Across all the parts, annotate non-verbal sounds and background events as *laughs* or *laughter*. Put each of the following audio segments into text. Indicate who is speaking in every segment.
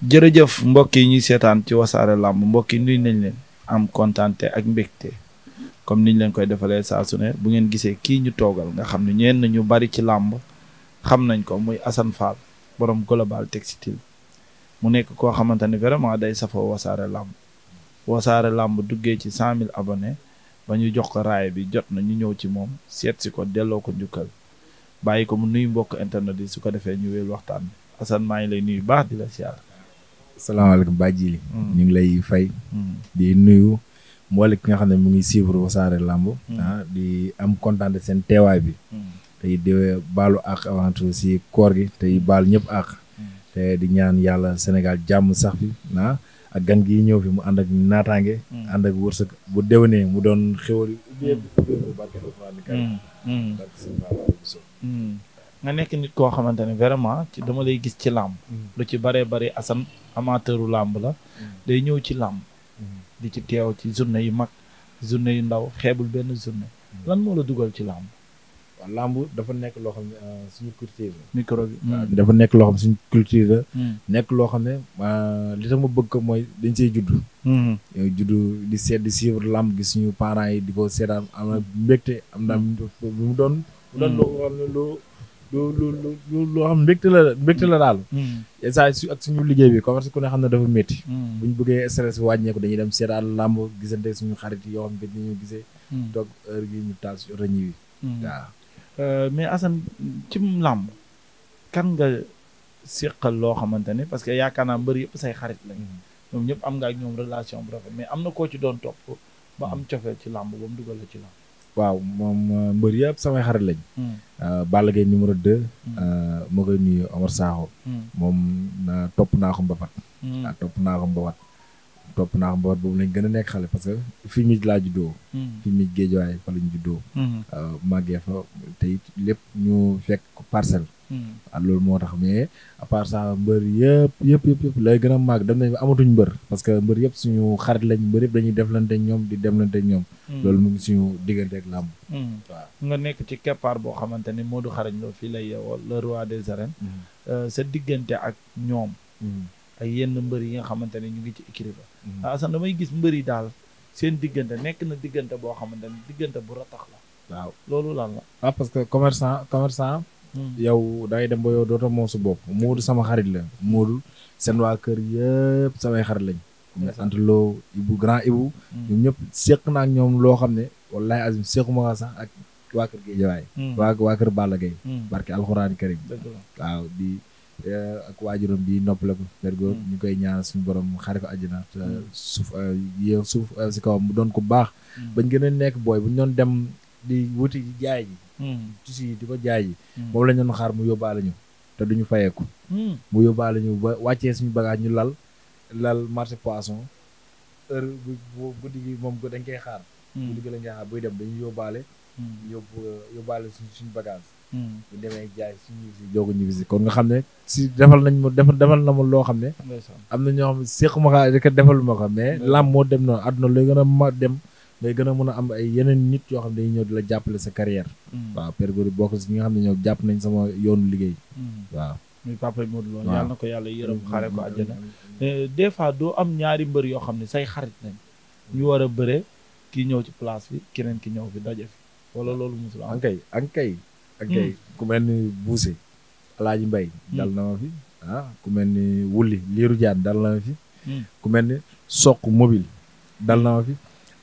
Speaker 1: jërëjëf mbokk yi ñuy seetaan ci wasaare làmb mbokk yi nuy nañ leen am kontaante ak mbégte comme niñ leen koy defalee saa su ne bu ngeen gisee kii ñu toogal nga xam ne ñeen ñu bari ci làmb xam nañ ko muy Assane Fall borom global textile mu nekk koo xamante ne vraiment day safoo wasaare làmb wasaare làmb duggee ci cent mille abonnés ba ñu jox ko raay bi jot na ñu ñëw ci moom seet si ko delloo ko njukkal bàyyi ko mu nuyu mbokk internet yi su ko defee ñu wéel waxtaan Assane maa ngi lay nuyu baax di la
Speaker 2: siyaar salaamaaleykum bàjjili mm. ñu ngi lay fay mm. di nuyu mboole ki nga xam ne mu ngi suivre Wassare Lamb mm. ah, di am kontaan seen teewaay bi tey di baalu àq avant tout si koor gi tey baal ñëpp àq te di ñaan yàlla Sénégal jàmm sax fi ah, ak gan gi ñëw fi mu ànd ak naataange ànd ak wërsëg bu déwénee mu doon xéwal yi ubbi barke
Speaker 1: alxuraan nga nekk nit koo xamante ne vraiment ci dama lay gis ci làmb mm. lu ci baree bari Assane amateuru làmb la mm. day ñëw ci làmb mm. di ci teew ci journée yu mag journée yu ndaw xeebul benn journée lan moo la dugal ci làmb làmb euh,
Speaker 2: dafa nekk loo xam ne suñu culture micro dafa nekk loo xam ne suñu la nekk loo xam ne li tax ma bëgg ko mooy dañ see juddu mm-hmm. juddu di seet di suivre làmb gi suñu parent yi di ko seetaan am na mbégte am na mu doon mu doon lu lu lu lu loo xam mbégte la mbégte la daal. Mm. saa su ak suñu liggéey bi commerce ku ne xam ne dafa métti. Mm. bu ñu bëggee stress bi wàññeeku dañuy dem seetaan làmb gisante suñu xarit yoo xam gëj nañu gisee. Mm. toog heure gi ñu taal si oto ñibbi. waaw euh,
Speaker 1: mais Assane ci làmb kan nga seqal loo xamante ne parce que yaakaar naa mbër yëpp say xarit lañ. Mm-hmm. ñoom ñëpp am nga ak ñoom relation bu rafet mais am na koo ci doon topp ba am cofeel ci làmb ba mu dugal la ci làmb.
Speaker 2: waaw moom euh, mbër yëpp samay xarit lañ. Hmm. Euh, Balla Gaye numéro 2. Hmm. Euh, ma koy nuyu Omar Sakho. Hmm. moom topp naa ko Mbapat. ah topp naa ko Mbapat. topp naa ko Mbapat boobu lañ gën a nekk xale parce que fi mi laa juddoo. fi mi géejawaay fa lañ juddoo. màggee fa te it lépp ñu fekk parcelle. waaw mm. loolu moo tax mais à part ça mbër yëpp yëpp yëpp lay gën a màgg dem nañ amatuñ mbër parce que mbër yëpp suñu xarit lañ mbër yëpp dañuy deflante ñoom di demlante ñoom mm. loolu mu ngi suñu diggante ak làmb
Speaker 1: mm. waaw nekk ci keppaar boo xamante ni Modou Xarañ Lo fii lay yeewoo le roi des arènes euh, sa diggante ak ñoom ay yenn mbër yi nga xamante ne ñu ngi ci écurie ba asan ah, damay gis mbër yi daal seen diggante nekk na diggante boo xamante ne diggante bu ratax la waaw loolu lan la
Speaker 2: ah parce que commerçant commerçant yow day dem ba yow dootoo moom su bopp Moodu sama xarit la Moodu seen waa kër yëpp samay xarit lañ. sant loo Ibu grand Ibu. Mm. ñoom ñëpp seq na ak ñoom loo xam ne wallahi azim sequma sax ak waa kër Géejawaay. Mm. waa waa kër Balla Gaye. Mm. barke alxuraani karim. waaw di eh, ak waajuram di noppale ko. ñu koy ñaan suñu borom xarit àjjana. suuf eh, yow suuf eh, si kawam mu doon ko baax. bañ gën a nekk booy bu ñu dem. di wuti jaay ji tissu hmm. di ko jaay ji hmm. moom lañ doon xaar mu yóbbaale ñu te duñu fayeeku hmm. mu yóbbaale ñu ba wàccee suñu bagage ñu lal lal marché poisson heure bu guddi gi moom dañ koy xaar guddi gi buy dem dañu yóbbaale yóbbu yóbbaale suñu suñu bagage bu demee jaay suñu si joogu ñu si kon nga xam ne si defal nañ ma defal defal na ma loo xam ne am na ñoo xam ne séqu ma ko defal ko mais lam moo dem noonu àdduna lay gën a ma dem ngay gën a mën a am ay yeneen nit yoo xam ne dañuy ñëw di la jàppale sa carrière mm. waaw Père Gora bokk si ñi jàpp nañ sama yoonu liggéey
Speaker 1: mm. waaw muy papa Modou Lo yàlla na ko yàlla yërëm xaare ko àjjana mm. eh, des fois doo am ñaari mbër yoo xam ne say xarit nañ ñu war a bëre kii ñëw ci place bi keneen ki ñëw fi daje fi wala loolu musul am
Speaker 2: ankay ankay ankay ku mel ni buuse alaaji mbay dal na ma fi ah, ku mel ni wulli liiru jaan dal na ma fi ku mel ni soq mobile dal na ma fi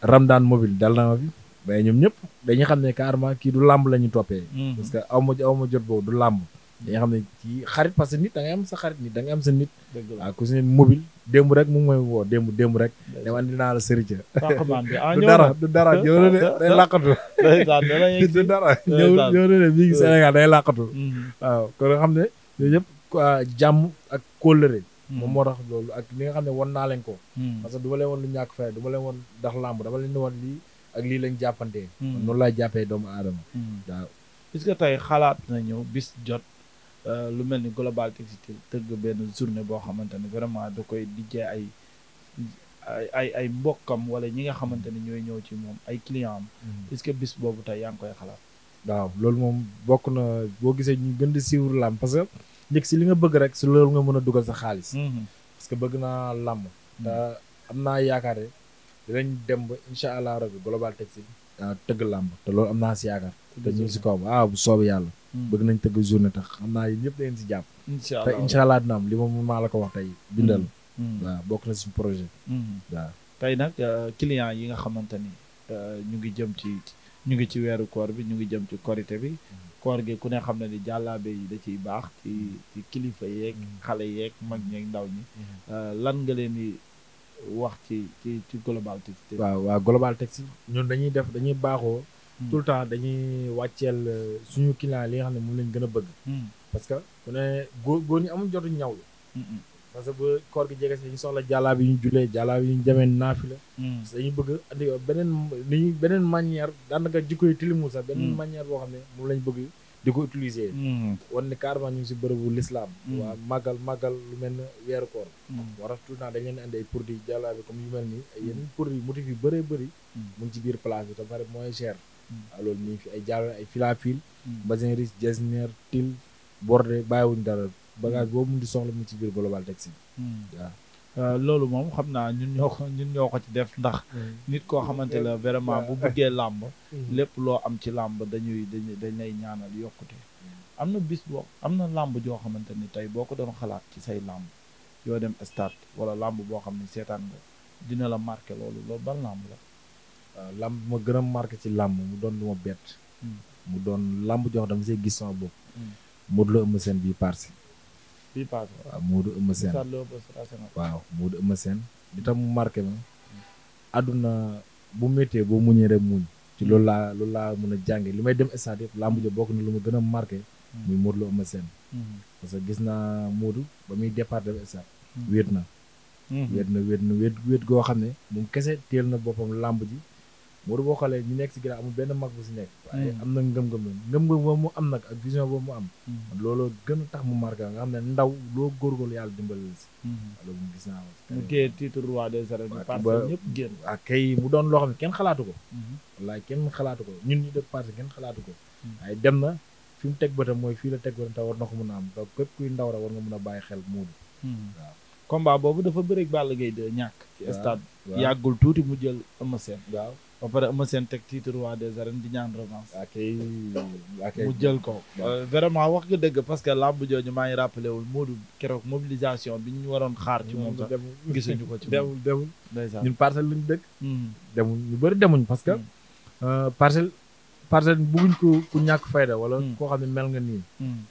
Speaker 2: Ramdan mobile dal na ma fi mais ñoom ñëpp dañuy xam ne carrément kii du lamb la ñu toppee. Mhm. parce que aw ma aw ma jot boobu du làmb. dañuy xam ne kii xarit parce que nit da ngay am sa xarit nit da ngay am sa nit. dëgg la ku si mobile démb rek mu mooy may woo démb démb rek. dama andi naa la sëriñ ah, *laughs* du dara du dara ñëw na de day *laughs* *laughs* du dara ñëw ñëw na de bii Sénégal day mhm. kon nga xam ne yooyu yëpp jàmm ak kóllëre. moom moo tax loolu ak li nga xam ne wan naa leen ko hmm. parce que du leen woon lu ñàkk fay du ma leen woon ndax làmb dama leen woon lii ak lii lañ jàppantee hmm. noonu laay jàppee doomu aadama hmm. waaw est que tey
Speaker 1: xalaat na ñëw bis jot euh, lu mel ni global textile tëgg benn journée boo xamante ne vraiment da koy dijjee ay ay ay mbokkam wala ñi nga xamante ne ñooy ñëw ci moom ay client am est que bis boobu tey yaa ngi koy xalaat
Speaker 2: waaw loolu moom bokk na boo gisee ñu gën di suivre làmb parce que njëkk si li nga bëgg rek si loolu nga mën a dugal sa xaalis. Mhm. parce que bëgg naa làmb. Mhm. te am naa yaakaar ne dinañ dem ba incha allah rabi global textile tëgg làmb te loolu am naa si yaakaar. te si kaw ah bu soobee mhm. bëgg nañ tëgg journée tax xam naa yéen ñëpp si jàpp. incha allah allah dina li ma maa la ko wax tey. bindal bokk na suñu projet. waaw
Speaker 1: tey nag euh, client yi nga xamante ni euh, ñu ngi jëm ci. ñu ngi ci weeru koor bi ñu ngi jëm ci korité bi koor gi ku ne xam ne ni jàllaabe yi da ciy baax ci kilifa yeeg mm-hmm. xale yeeg mag ñeeg ndaw
Speaker 2: ñi mm-hmm. euh, lan nga leen di wax ci ci ci global textile waaw waaw global textile ñun dañuy def dañuy baaxoo mm. tout temps dañuy wàcceel euh, suñu client li nga xam ne moom lañ gën a bëgg mm. parce que ku ne góor góor ñi amul jotu ñaw parce que koor gi jege si dañu soxla jàllaab yi ñu julee jàllaab yi ñu demee naafi la hmm. parce que bëgg andi beneen niñu beneen manière daanaka jikko yi tilimul sax beneen hmm. manière boo xam ne moom lañ bëgg di ko utiliser hmm. wan ni carrément ñu ngi si bërëbu l'islam waa magal magal lu mel ne weeru koor war a tout le temps dañ leen andi ay produits jàllaabi comme yu mel nii ay yeneen produits motifs yu bëree bëri mu ngi ci biir place bi te pare mooy cher waaw loolu mi ngi fi ay jàllale ay filafil basin riche jasner til bordé bàyyiwuñ dara bagage hmm. boobu mu di soxla mu ci biir global si bi
Speaker 1: hmm. waaw euh, loolu moom xam naa ñun ñoo ko ñun ñoo ko ci def ndax hmm. nit koo xamante la vraiment bu bëggee làmb lépp loo am ci làmb dañuy dañuy dañ lay ñaanal yokkute am na bis boo am na làmb joo xamante ni tey boo ko doon xalaat ci say làmb yoo dem stade wala làmb boo xam ne seetaan nga dina la marqué loolu loolu ban làmb la waaw
Speaker 2: euh, làmb gën a marqué ci làmb mu doon lu ma bett mu doon làmb jox dama see gis sama bopp Modou Lo Eumeu Sène bii parsi bii paase. waaw Moodu Eumeu Sène waaw Moodu Eumeu Sène di tam mu ma àdduna bu méttee boo muñee rek muñ ci loolu laa loolu laa mën a jànge li may dem stade yëpp làmb ja bokk na lu ma gën a marqué muy Modou Lo Eumeu Sène mhm. parce que gis naa Modou ba muy départ dem stade mhm. mhm. wéet na wéet na wéet wéet goo xam ne moom kese teel na boppam làmb ji Modou boo xoolee ñu nekk si ginnaaw amul benn mag bu si nekk. Hmm. am na ngëm-ngëm ngëm-ngëm mu am nag ak vision boobu mu am. Hmm. looloo gën tax mu marqué nga xam ne ndaw loo góorgóorlu yàlla dimbali si. Hmm. loolu gis naa ko. mu téye titre roi des doon loo kenn xalaatu ko. wallaay kenn xalaatu ko ñun ñu def parti kenn xalaatu ko. waaye dem na fi mu teg bëtam mooy fii la teg bëtam te war na ko mën a am donc képp kuy ndaw rek war nga mën a bàyyi xel Modou. waaw.
Speaker 1: combat boobu dafa bëri Balla ngay 2 ñàkk. ci stade yàggul
Speaker 2: tuuti mu jël Eumeu Sène
Speaker 1: waaw ba pare Eumeu Sène teg titre roi des arènes di ñaan revanche. ok ok mu jël ko. Euh, vraiment wax nga dëgg parce que làmb jooju maa ngi rappelé wul Modou keroog mobilisation bi ñu waroon
Speaker 2: xaar. ci moom sax gisuñu ko ci moom demul demul. ndeysaan ñun parcelle lañu dëkk. Hmm. demul ñu bëri demuñ parce que. Hmm. Euh, parcelle parcelle bëgguñ ko ku ñàkk fayda wala. Hmm. koo xam ne mel nga nii.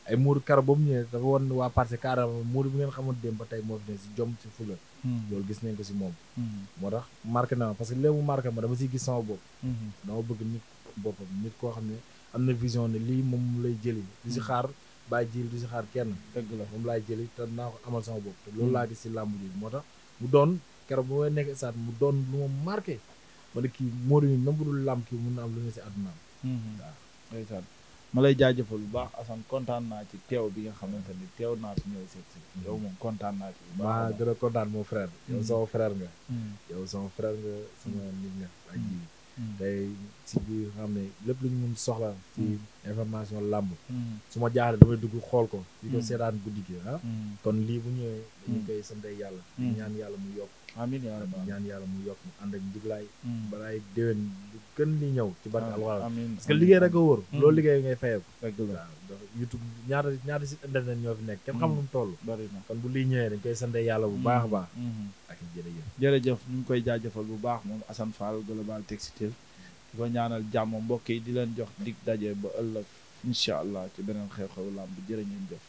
Speaker 2: ay Modou Karo ba mu ñëwee dafa woon waa parcelle carrément Modou bu ngeen xamoon démb ba tey moo fi ne si jom si fula. Mm-hmm. loolu gis nañ ko si moom mm-hmm. moo tax marqué na ma parce que léegi mu marqué ma dama siy gis sama bopp mm-hmm. dama bëgg nit boppam nit koo xam ne am na vision ne lii moom lay jëli lu si xaar bàyyi jil lu si xaar kenn dëgg la moom laay jëli te naa ko amal sama bopp loolu laa gis si làmb ji moo tax mu doon keroog bu may nekk saat mu doon lu ma marqué ma ne kii Modou mi même bu làmb kii mun na am lu ne si àddunaam waaw
Speaker 1: ma lay jaajëfal bu baax Assane kontaan naa ci teew bi nga xamante ni teew naa fi ñëw seet si mm. yow moom kontaan naa
Speaker 2: ci bu baax maa gën a kontaan moom frère yow mm. sama frère nga mm. yow sama frère nga sama nit nga tey si biir xam ne lépp lu ñu mun soxla ci information làmb su ma jaaxle damay dugg xool ko di ko seetaan guddi gi ah kon lii bu ñëwee dañu koy sante yàlla ñaan yàlla mu yokk amiin yaa rabbal ñaan yàlla mu yokk mu ànd ak ba mm. balaay déwén lu gën li ñëw ci barke alwala parce que liggéey rek a wóor mm. loolu liggéey ngay fayeeku waaw youtube ñaata ñaata si internet ñoo fi nekk kenn mm. xamul mu toll kon bu lii ñëwee dañ koy sante yàlla bu baax a baax mm-hmm. ak
Speaker 1: jërëjëf ñu ngi koy jaajëfal bu baax moom Assane Fall Global Textile di ko ñaanal jàmm mbokk yi di leen jox dig daje ba ëllëg incha allah ci beneen xew-xew làmb jërë ngeen jëf